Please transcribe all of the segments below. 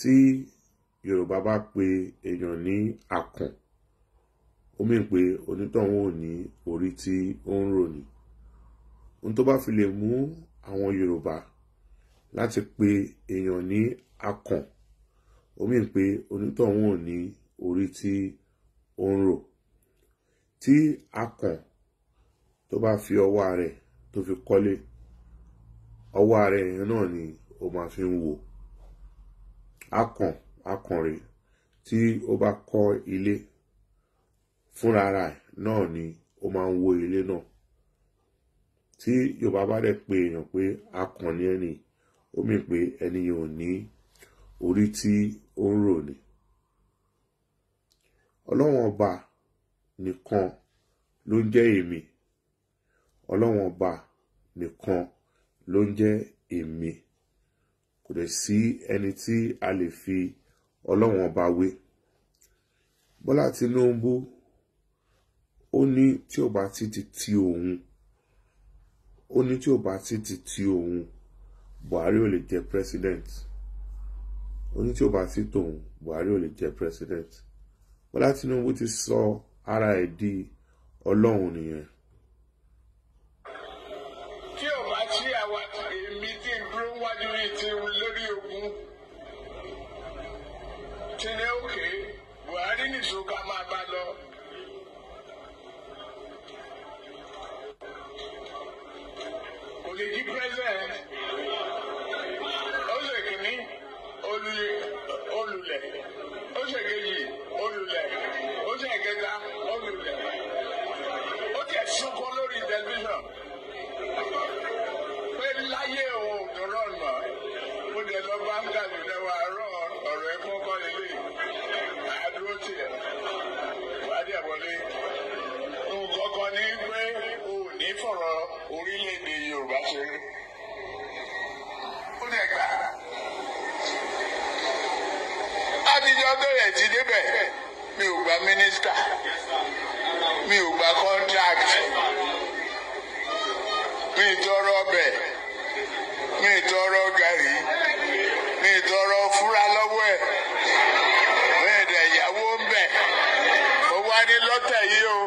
tí yorùbá bá pe èèyàn ní àkàn ó mìn pé onítọ̀hún ò ní orí tí ó ń rò ní ohun tó bá fi lè mú àwọn yorùbá láti pe èèyàn ní akàn ó mìn pé onítọ̀hún ò ní orí tí ó ń rò tí akàn tó bá fi ọwọ́ rẹ̀ tó fi kọ́lé ọwọ́ rẹ̀ yẹn náà ni ó máa fi ń wò akàn akànrè tí ó bá kọ́ ilé fúnra ara ẹ̀ náà ni ó máa ń wó ilé náà tí yorùbá bá dẹ̀ pé èèyàn pé akàn ni ẹni ó mì pé ẹni yẹn ò ní orí tí ó ń rò ni ọlọ́wọ́n ọba nìkan ló ń jẹ́ èmi ọlọ́wọ́n ọba nìkan ló ń jẹ́ èmi kò dẹ̀ sí ẹni tí a lè fi ọlọ́run ọba wé Bọ́lá Tinubu ó ní tí ò bá ti ti ti òun ó ní tí ò bá ti ti ti òun Buhari ò lè jẹ president ó ní tí ò bá ti tòun Buhari ò lè jẹ president Bọ́lá Tinubu ti sọ ara ẹ̀ di ọlọ́run nìyẹn so ká máa bá lọ. kò lè di orílẹ̀-èdè Yorùbá ṣe rí ó dẹ̀ gbà látijọ́ tó yẹ ti débẹ̀ mi ò gba mínísítà mi ò gba contract mi tọrọ ọbẹ̀ mi tọrọ gàrí mi tọrọ fúra lọ́wọ́ ẹ̀ bẹ́ẹ̀ dẹ̀ ìyàwó ń bẹ̀ ó wá lọ́tẹ̀ yìí o.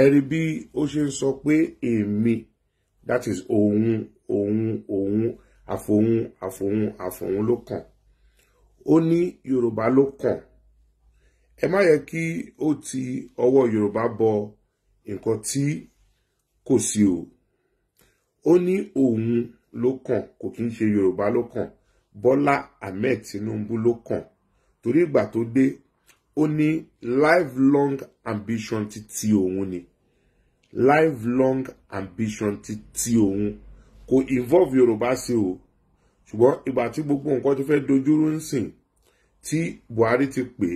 ẹ̀rí bí ó ṣe ń sọ pé èmi that is òun òun òun àfòun àfòun àfòun ló kàn ó ní yorùbá ló kàn ẹ má yẹ kí ó ti ọwọ́ yorùbá bọ nǹkan tí kò sí o ó ní òun ló kàn kò kí ń ṣe yorùbá ló kàn bọ́lá ahmed tinubu ló kàn torí ìgbà tó dé ó ní lifelong ambition ti ti òun ni lifelong ambition ti ti òun kò involve yorùbá sí o ṣùgbọ́n ìgbà tí gbogbo nǹkan ti fẹ́ dojúrú ń sìn tí buhari ti pè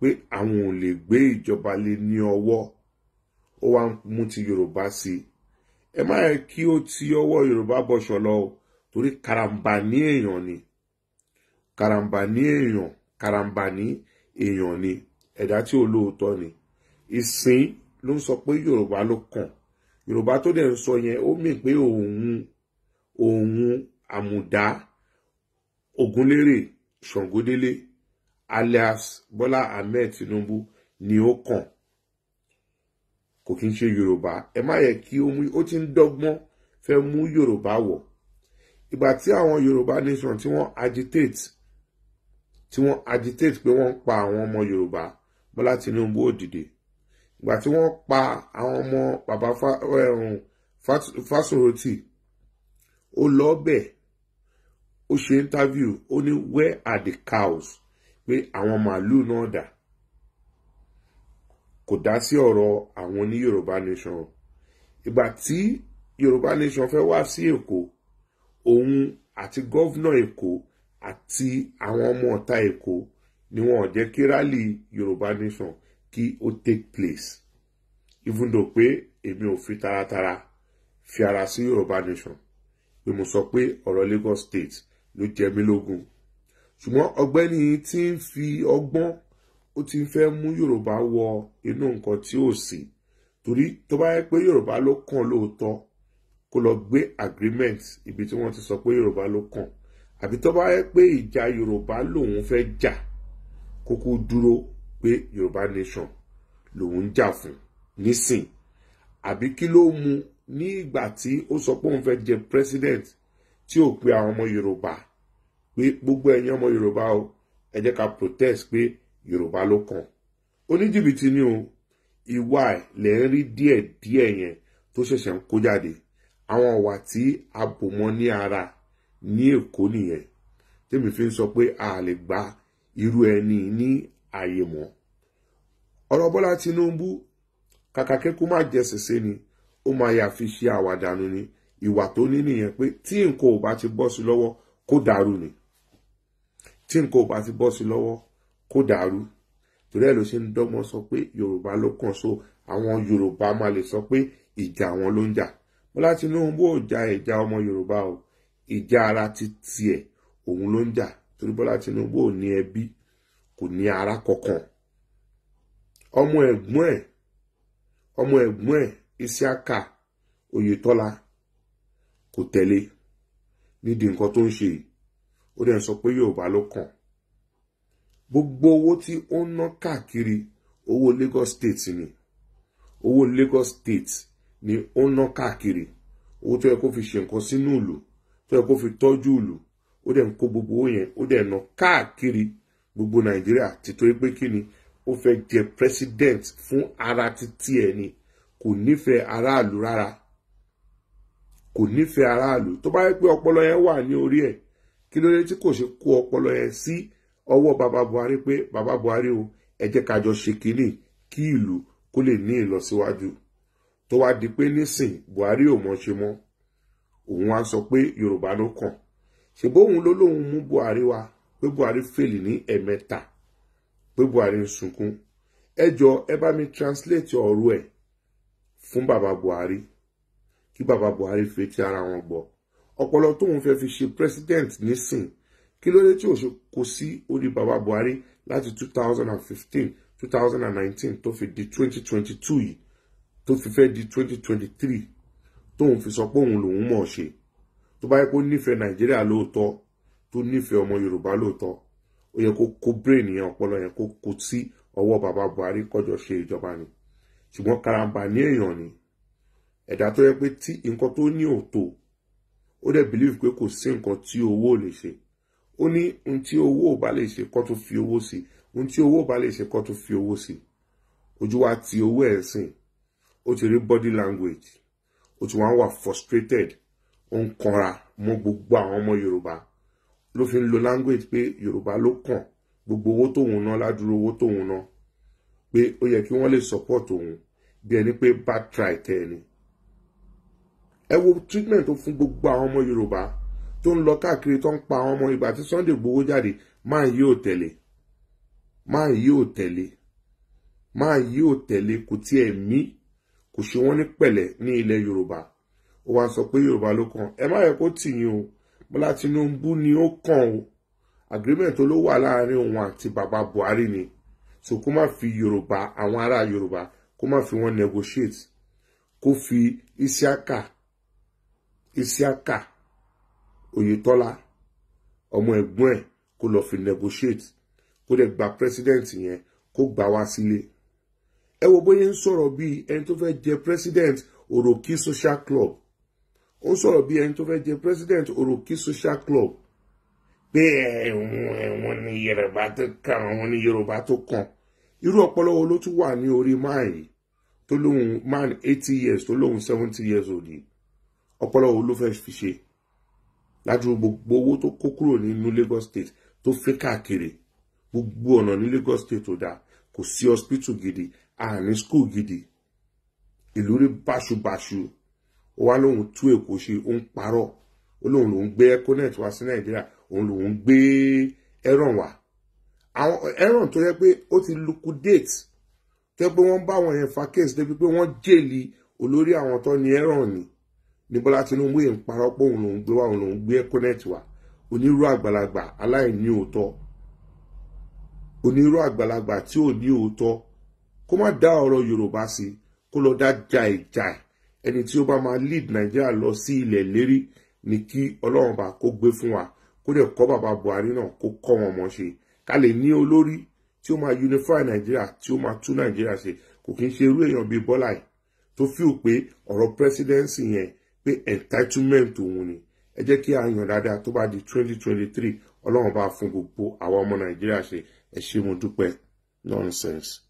pé àwọn ò lè gbé ìjọba lé ní ọwọ́ ó wá ń mú ti yorùbá sí i ẹ má yẹ kí ó ti ọwọ́ yorùbá bọ̀ṣọ̀ lọ o torí karambani èèyàn ni karambani èèyàn karambani èèyàn èèyàn ni ẹ̀dá tí ó lóòótọ́ ni ìsìn ló ń sọ pé yorùbá ló kàn yorùbá tó dẹ̀ ń sọ yẹn ó mì pé òun òun àmùdá ògúnlérè ṣàngódélé alias bọ́lá ahmed tinubu ni ó kàn kò kí n ṣe yorùbá ẹ má yẹ kí ó mú ó ti ń dọ́gbọ́n fẹ́ mú yorùbá wọ̀ ìgbà tí àwọn yorùbá nation tí wọ́n agitate tí wọ́n agitate pé wọ́n ń pa àwọn ọmọ Yorùbá Bọ́lá Tinubu ó dìde ìgbà tí wọ́n pa àwọn ọmọ bàbá um, Fásoroti ó lọ bẹ̀ ó ṣe interview ó ní where are the cows pé àwọn màálù náà dà kò dá sí ọ̀rọ̀ àwọn ní Yorùbá nation ìgbà tí Yorùbá nation fẹ́ wá sí Èkó òun àti gọ́vnà Èkó àti àwọn ọmọ ọ̀tá èkó ni wọn ò jẹ́ kí rálì yorùbá nation kí ó take place even though pé èmi ò fi taratara fi ara sí yorùbá nation pé mo sọ pé ọ̀rọ̀ lagos state ló jẹ mí lógún ṣùgbọ́n ọgbẹ́ni tí ń fi ọgbọ́n ó ti fẹ́ mú yorùbá wọ inú nǹkan tí ò sí torí tó bá yẹ pé yorùbá ló kàn lóòótọ́ kó lọ gbé agreement ibi tí wọ́n ti sọ pé yorùbá ló kàn àbí tó bá yẹ pé ìjà yorùbá lòun fẹ́ jà kókó dúró pé yorùbá nation lòun ń jà fún nísìn àbí kí ló mu ní ìgbà tí ó sọ pé òun fẹ́ jẹ president tí ò pe àwọn ọmọ yorùbá pé gbogbo ẹ̀yin ọmọ yorùbá o ẹ jẹ́ ká protest pé yorùbá ló kàn oníjìbìtì ni o ìwà lẹ̀ ń rí díẹ̀díẹ̀ yẹn tó ṣẹ̀ṣẹ̀ ń kó jáde àwọn ọ̀wà tí a bò mọ́ ní ara ní èkó nìyẹn tèmi fi ń sọ pé a lè gba irú ẹni ní ààyè mọ́ ọ̀rọ̀ Bọ́lá Tinubu kàkà kékun má jẹ ni ó máa yà fi ṣe àwàdànù ni ìwà tó ní nìyẹn pé tí nǹkan ò bá ti bọ́ sí lọ́wọ́ kó dàrú ni tí nǹkan ò bá ti bọ́ sí lọ́wọ́ kó dàrú torí ẹ̀ ló ṣe ń dọ́gbọ́n sọ pé Yorùbá ló kàn so àwọn Yorùbá máa lè sọ pé ìjà wọn ló ń jà Bọ́lá Tinubu ò ja ìjà ọmọ Yorùbá o ìjà ara ti tiẹ̀ òun ló ń jà torí Bọ́lá Tinubu ò ní ẹbí kò ní ara kankan ọmọ ẹ̀gbọ́n ẹ̀ ọmọ ẹ̀gbọ́n ẹ̀ Isiaka Oyetola kò tẹ̀lé nídìí nǹkan tó ń ṣe ó dẹ̀ sọ pé Yorùbá ló kàn gbogbo owó tí ó ń ná káàkiri owó Lagos State ni owó Lagos State ni ó ń ná káàkiri owó tó yẹ kó fi ṣe nǹkan sínú ìlú tó yẹ kó fi tọ́jú ìlú ó dẹ̀ ń kó gbogbo owó yẹn ó dẹ̀ ná káàkiri gbogbo nàìjíríà títorí pé kí ni ó fẹ́ jẹ president fún ara títí ẹ̀ ni kò nífẹ̀ẹ́ aráàlú rárá kò nífẹ̀ẹ́ aráàlú tó bá yẹ pé ọpọlọ yẹn wà ní orí ẹ̀ kí ló dé tí kò ṣe kó ọpọlọ yẹn sí ọwọ́ bàbá buhari pé bàbá buhari o ẹ jẹ́ ká ṣe kínní kí ìlú kó lè ní ìlọsíwájú tó wá di pé nísìn buhari ò mọ̀ ṣe mọ́ òun wá sọ pé yorùbá ló kàn ṣèbó òun ló lóun mú buhari wá pé buhari fèlì ní ẹ̀mẹ́ta pé buhari ń sunkún ẹ ẹ bá mi translate ọ̀rọ̀ ẹ̀ fún bàbá buhari kí bàbá buhari fi ti ara wọn gbọ́ ọpọlọ tóun fẹ́ fi ṣe president nísìn kí ló dé tí ò ṣe kó sí orí bàbá buhari láti 2015 2019 tó fi di 2022 yìí tó fi fẹ́ di 2023 tóun fi sọ pé òun lòun mọ̀ ṣe tó bá yẹ kó nífẹ̀ẹ́ nàìjíríà lóòótọ́ tó nífẹ̀ẹ́ ọmọ yorùbá lóòótọ́ ó yẹ kó kó brain yẹn ọpọlọ yẹn kó kó sí ọwọ́ bàbá buhari kọjọ ṣe ìjọba ni ṣùgbọ́n karamba ní èèyàn ni ẹ̀dá tó yẹ pé tí nǹkan tó ní òtò ó dẹ̀ believe pé kò sí nǹkan tí owó lè ṣe ó ní ohun tí owó ò bá lè ṣe kó tó fi owó sí ohun tí owó ò bá lè ṣe kó tó fi owó sí ojú wa ti owó ẹ̀ sìn ó ti rí body language ó ti wá ń wà frustrated ó ń kanra mọ́ gbogbo àwọn ọmọ yorùbá ló fi ń lo language pé yorùbá ló kàn gbogbo owó tóun ná ládùúró owó tóun ná pé ó yẹ kí wọ́n lè support òun bí ẹni pé bad try tẹ́ ẹ ẹ wo treatment tó fún gbogbo àwọn ọmọ yorùbá tó ń lọ káàkiri tó ń pa àwọn ọmọ ìgbà tí sunday gbowó jáde máa yí ò tẹ̀lé máa yí ò tẹ̀lé máa yí ò tẹ̀lé kò tiẹ̀ mí kò ṣe wọ́n ní pẹ̀lẹ́ ní ilẹ̀ yorùbá ó wá sọ pé yorùbá ló kàn ẹ má yẹ kó tì o bọ́lá tinubu ni ó kàn o agreement ló wà láàrin òun àti bàbá buhari ni so kó má fi yorùbá àwọn ará yorùbá kó má fi wọn negotiate kó fi isiaka isiaka oyetola ọmọ ẹ̀gbọ́n ẹ̀ kó lọ fi negotiate kó dẹ̀ gba president yẹn kó gbà wá sílé. Si ẹ wo bóyá ń sọ̀rọ̀ bí ẹni tó fẹ́ jẹ president òròkì social club ó ń sọ̀rọ̀ bí ẹni tó fẹ́ jẹ president òròkì social club pé ẹ̀wọ̀n ẹ̀wọ̀n ni yorùbá tó kàn àwọn ni yorùbá tó kàn irú ọpọlọ wo ló tún wà ní orí máàyì tó lóhun man eighty years tó lóhun seventy years old yìí ọpọlọ wo ló fẹ́ fi ṣe ládùúgbò gbogbo owó tó kó kúrò nínú lagos state tó fẹ́ káàkiri gbogbo ọ̀nà ní lagos state tó dáa kò sí hospital gidi àní skul gidi ìlú rí báṣubàṣu ó wá lóun tú èkó ṣe ó ń parọ́ ó lóun lòun gbé econet wá sí nàìjíríà òun lòun gbé ẹrọ̀n wá àwọn ẹrọ̀n tó yẹ pé ó ti liquidate tó yẹ pé wọ́n bá wọn yẹn fa case débi pé wọ́n jèlì olórí àwọn tó ní ẹrọ̀n ni ní bọ́lá tinubu yìí ń parọ́ pé òun lòun gbé wá òun lòun gbé econet wá onírú àgbàlagbà aláìní òótọ́ onírú àgbàlagbà tí ò ní òótọ́ kó má dá ọ̀rọ̀ yorùbá sí kó lọ dá jàìjàì ẹni tí ó bá máa lead nàìjíríà lọ sí ilẹ̀ lérí ni kí ọlọ́run bá kó gbé fún wa kó dẹ̀ kọ́ bàbá buhari náà kó kọ́ wọn mọ̀ ṣe ká lè ní olórí tí ó máa unify nàìjíríà tí ó máa tún nàìjíríà ṣe kò kí n ṣe irú èèyàn bíi bọ́lá yìí tó fíò pé ọ̀rọ̀ presidency yẹn pé entitlement òun ni ẹ jẹ́ kí a yàn dáadáa tó bá di 2023 ọlọ́run bá fún gbogbo àwa ọmọ nàìjíríà ṣe ẹ ṣé mo dúpẹ́ nonsense.